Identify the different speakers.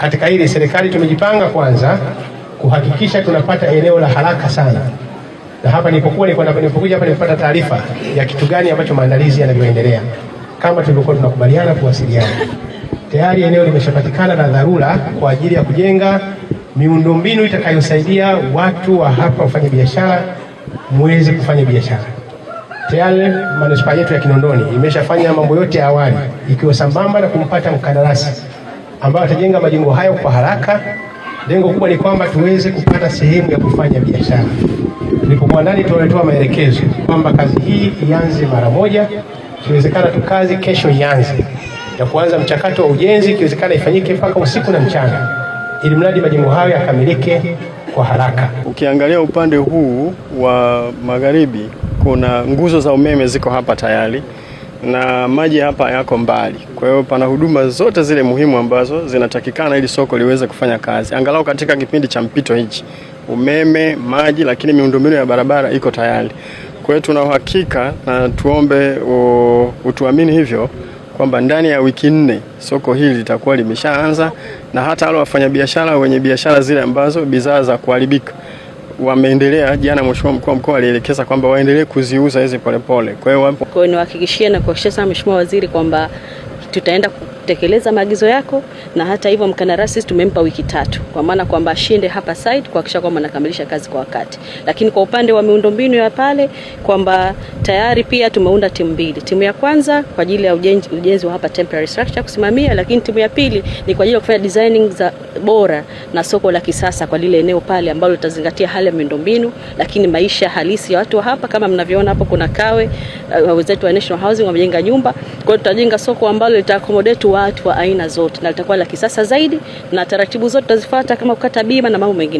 Speaker 1: katika ile serikali tumejipanga kwanza kuhakikisha tunapata eneo la haraka sana, na hapa nilipokuwa nilipokuja hapa nilipata taarifa ya kitu gani ambacho maandalizi yanavyoendelea, kama tulivyokuwa tunakubaliana kuwasiliana. Tayari eneo limeshapatikana la dharura kwa ajili ya kujenga miundombinu itakayosaidia watu wa hapa kufanya biashara, muweze kufanya biashara. Tayari manispaa yetu ya Kinondoni imeshafanya mambo yote ya awali, ikiwa sambamba na kumpata mkandarasi ambayo atajenga majengo hayo kwa haraka. Lengo kubwa ni kwamba tuweze kupata sehemu ya kufanya biashara. Tulipokuwa ndani, tunaletoa maelekezo kwamba kazi hii ianze mara moja, ikiwezekana tu kazi kesho ianze, ya kuanza mchakato wa ujenzi, ikiwezekana ifanyike mpaka usiku na mchana, ili mradi majengo hayo yakamilike kwa haraka.
Speaker 2: Ukiangalia upande huu wa magharibi, kuna nguzo za umeme ziko hapa tayari na maji hapa yako mbali, kwa hiyo pana huduma zote zile muhimu ambazo zinatakikana ili soko liweze kufanya kazi angalau katika kipindi cha mpito hichi: umeme, maji, lakini miundombinu ya barabara iko tayari. Kwa hiyo tuna uhakika na tuombe utuamini hivyo kwamba ndani ya wiki nne soko hili litakuwa limeshaanza, na hata wale wafanyabiashara wenye biashara zile ambazo bidhaa za kuharibika wameendelea. Jana mheshimiwa mkuu wa mkoa alielekeza kwamba waendelee kuziuza hizi polepole.
Speaker 3: Kwa hiyo niwahakikishie na sana Mheshimiwa Waziri kwamba tutaenda kutekeleza maagizo yako, na hata hivyo mkandarasi tumempa wiki tatu, kwa maana kwamba ashinde hapa site kuhakikisha kwamba anakamilisha kazi kwa wakati. Lakini kwa upande wa miundombinu ya pale kwamba tayari pia tumeunda timu mbili, timu ya kwanza kwa ajili ya ujenzi, ujenzi wa hapa temporary structure kusimamia, lakini timu ya pili ni kwa ajili ya kufanya designing za bora na soko la kisasa kwa lile eneo pale ambalo litazingatia hali ya miundombinu, lakini maisha halisi ya watu wa hapa. Kama mnavyoona hapo kuna Kawe, uh, wenzetu wa National Housing wamejenga nyumba, kwa hiyo tutajenga soko ambalo litaaccommodate accommodate watu wa aina zote, na litakuwa la kisasa zaidi na taratibu zote tutazifuata kama kukata bima na mambo mengine.